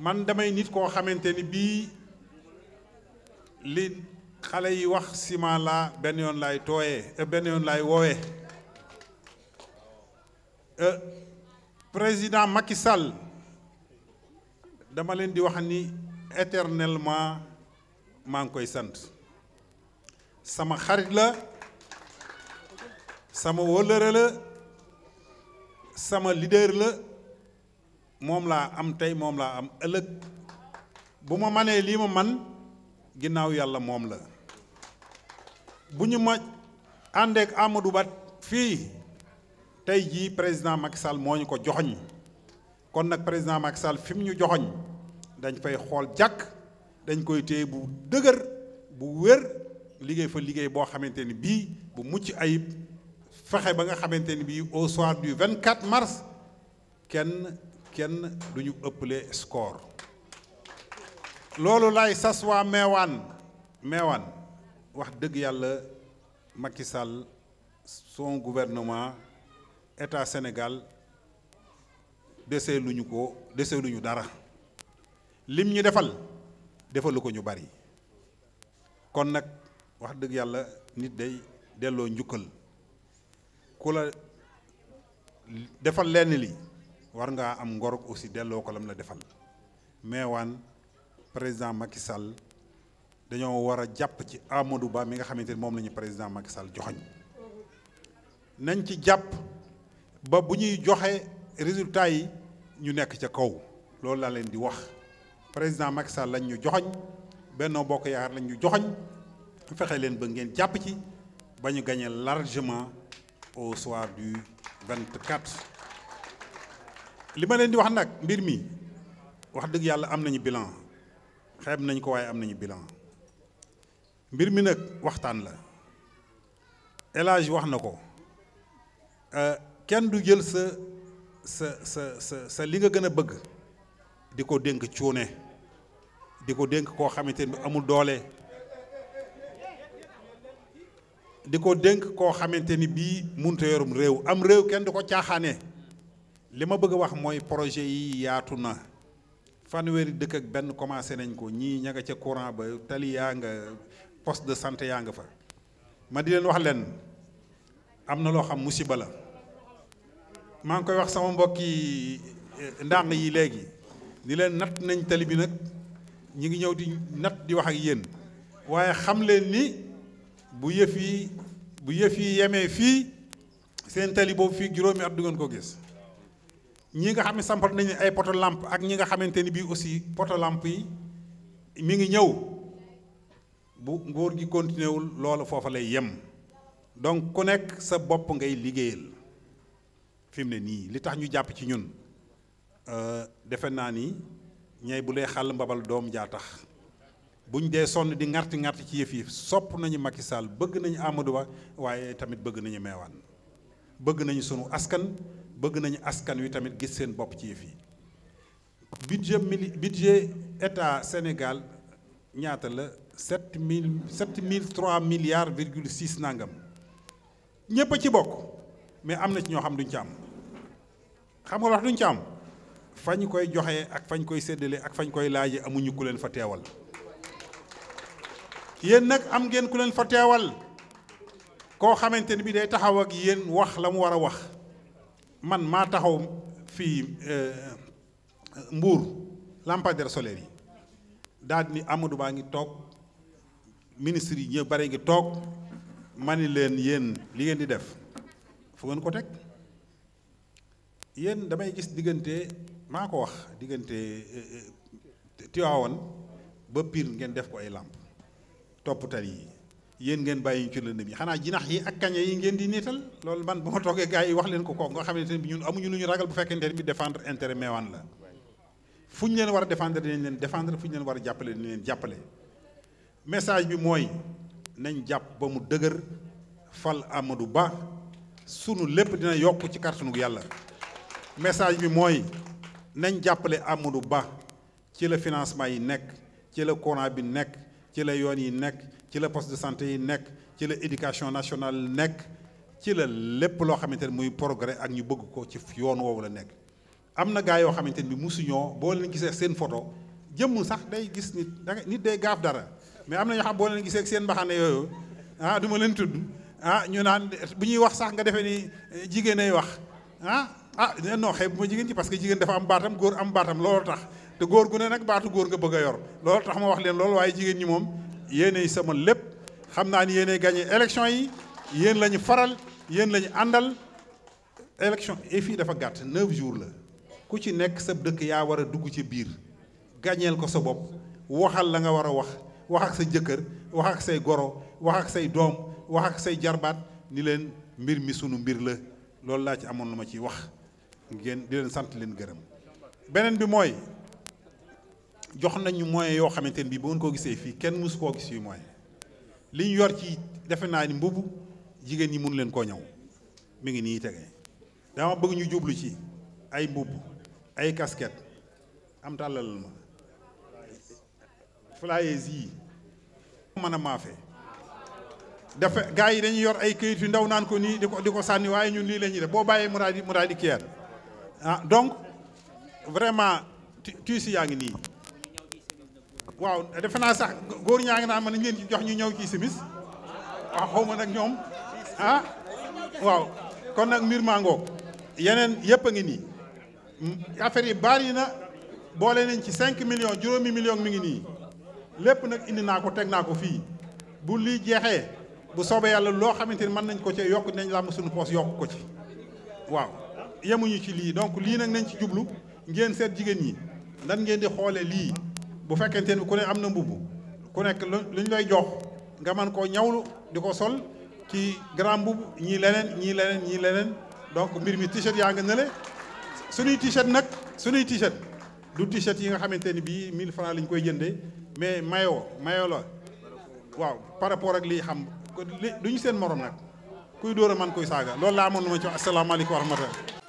man damay nit koo xamante ni bii li xale yi wax ciment laa benn yoon laay tooyee euh, benn yoon laay woowee euh, président Macky Sall dama leen di wax ni éternellement maa ngi koy sant sama xarit la sama wëllëre la sama leader la moom laa am tey moom laa am ëllëg bu ma manee lii ma man ginnaaw yàlla moom la bu ñu ma àndeek Amadou Ba fii tey jii président Macky Sall moo ñu ko joxoñ kon nag président Macky Sall fi mu ñu joxoñ dañ fay xool jàkk dañ koy téye bu dëgër bu wér liggéey fa liggéey boo xamante ni bii bu mucc ayib fexe ba nga xamante ni bii au soir du 24 mars kenn kenn du ñu ëppale score loolu lay sas waa meewaan meewaan wax dëgg yàlla Macky Sall son gouvernement état Sénégal dese lu ñu ko dese lu ñu dara lim ñu defal defalu ko ñu bari kon nag wax dëgg yàlla nit day delloo njukkal ku la defal lenn li war ngaa am ngor aussi delloo ko lam la defal mais meewaan président Macky dañoo war a jàpp ci Amadou Ba mi nga xamante ni moom lañu président makisal Sall joxoñ nañ ci jàpp ba bu ñuy joxe résultat yi ñu nekk ca kaw loolu laa leen di wax président Macky Sall lañ ñu joxoñ Benno Bokk Yaakaar lañ ñu joxoñ fexe leen ba ngeen jàpp ci ba ñu gagné largement au soir du 24 li ma leen di wax nag mbir mi wax dëgg yàlla am nañu bilan xeeb nañ ko waaye am nañu bilan mbir mi nag waxtaan la élage wax na ko euh, kenn du jël sa sa sa sa sa li nga gën a bëgg di ko dénk cuune di ko dénk koo xamante ni amul doole di ko dénk koo xamante ni bii munta yorum réew am réew kenn du ko caaxaane li ma bëgg a wax mooy projet yi yaatu na fanweeri dëkk ak benn commencé nañ ko ñii ña ca courant ba tali yaa nga poste de santé yaa nga fa ma di leen wax leen am na loo xam musiba la maa ngi koy wax sama mbokki eh, ndànk yi léegi di leen natt nañ tali bi nag ñu ngi ñëw di natt di wax ak yéen waaye xam leen ni bu yëf yi bu yëf yi yemee fii seen tali boobu fii juróomi at du ngeen ko gis ñi nga xam ne sampal nañu ay poto lampe ak ñi nga xamante ni bii aussi poto lampe yi mi ngi ñëw bu nguur gi continué wul loolu foofa lay yem donc ku nekk sa bopp ngay liggéeyal fi mu ne nii li tax ñu jàpp ci ñun euh, defe naa ni ñay bu lay xàll mbabal doom jaa tax buñ dee sonn di ŋarti ŋarti ci yëf yi sopp nañu Macky Sall bëgg nañu Amadou Ba waaye tamit bëgg nañu meewaan bëgg nañu sunu askan bëgg nañu askan wi tamit gis seen bopp ci yëf yi budget mili budget état Sénégal ñaata la set mille sept mille trois milliards virgule six nangam ñépp a ci bokk mais am na ci ñoo xam duñ ci am xam nga wax duñ ci am fañ koy joxe ak fañ koy séddale ak fañ koy laaje amuñu ku leen fa teewal yéen nag am ngeen ku leen fa teewal koo xamante ni bi day taxaw ak yéen wax la mu war a wax man maa taxaw fii euh, mbuur lampadaire solaire yi daal ni Amadou Ba ngi toog ministre yi ñëpp bare ngi toog ma ni leen yéen li ngeen di def fu ngeen ko teg yéen damay gis diggante maa ko wax diggante euh, euh, Tiwaawan ba Pire ngeen def ko ay làmp topp yi yéen ngeen bàyyi ñu ci lëndëm yi xanaa jinax yi ak kañe yi ngeen di niital loolu man bu ma toogee gars yi wax leen ko kooku nga xamante ne bi ñun amuñu lu ñu ragal bu fekkente ne bi défendre intérêt meewaan la fu ñu leen war a défendre dinañ leen défendre fu ñu leen war a jàppale dinañ leen jàppale message bi mooy nañ jàpp ba mu dëgër fal Amadou Ba sunu lépp dina yokk ci kàttanu yàlla message bi mooy nañ jàppale Amadou Ba ci la financement yi nekk ci la courant bi nekk ci la yoon yi nekk ci la poste de santé yi nekk ci la éducation nationale nekk ci la lépp loo xamante ne muy progrès ak ñu bëgg ko ci yoon woowu la nekk am na gaa yoo xamante ni mu musuñoo boo leen gisee seen photo jëmm sax day gis nit danga nit day gaaf dara mais am na ñoo xam boo leen gisee ak seen mbaxane yooyu ah du leen tudd ah ñu naan bu ñuy wax sax nga defee ni eh, jigéen ay wax ah ah non xëy bu ma jigéen ci parce que jigéen dafa am baatam góor am baatam loolu tax te góor gu baatu góor nga bëgg a yor loolu tax ma wax leen loolu waaye jigéen ñi moom yéenay sama lépp xam naa ni yéenay gagné élection yi yéen lañu faral yéen lañu àndal élection et dafa gàtt neuf jours la ku ci nekk sa dëkk yaa war a dugg ci biir gàññeel ko sa bopp waxal la nga war a wax wax ak sa jëkkër wax ak say goro wax ak say doom wax ak say jarbaat ni leen mbir mi sunu mbir la loolu laa ci amoon lu ma ciy wax ngeen di leen sant leen gërëm beneen bi mooy jox nañu moyens yoo xamante ne bii ba ngeen koo gisee fii kenn mësu koo gis yu moyen li ñu yor ci defe naa ni mbubu jigéen ñi mun leen koo ñëw mi ngi nii tege dama bëgg ñu jublu ci ay mbubb ay kasket am tàllalal ma flyers yi mën a maafe dafa gars yi dañuy yor ay këyit yu ndaw naan ko nii di ko di ko sànni waaye ñun lii la ñuy def boo bàyyee muraadi muraadi kier ah donc vraiment tu tuuti yaa ngi nii waaw defe naa sax góor ñaa ngi naan ma nañ leen ci jox ñu ñëw ci simis waaw xaw nag ñoom a ah, waaw kon nag mbir mango yeneen yëpp a ngi nii mm, affaire yi bari na boole nañ ci cinq millions juróomi millions mi ngi nii lépp nag indi naa ko teg naa ko fii bu lii jeexee bu soobee yàlla loo xamante ni mën nañ ko ci yokk nañ làmb suñu poos yokk ko ci waaw yemuñu ci lii donc lii nag nañ ci jublu ngeen seet jigéen ñi nan ngeen di xoole lii bu fekkente ni ku ne am na mbubb ku nekk lu ñu lay jox nga man koo ñawlu di ko sol ci grand mbubb ñii leneen ñii leneen ñii leneen donc mbir mi t-shirt yaa nga nële suñuy t-shirt nag suñuy t-shirt du t yi nga xamante ni bii 1000 francs lañ koy jëndee mais mayo mayo la waaw par rapport ak lii xam li duñu seen morom nag kuy dóor a man koy saaga loolu laa amoon lu ma ci asalaamaaleykum wa rahmatulah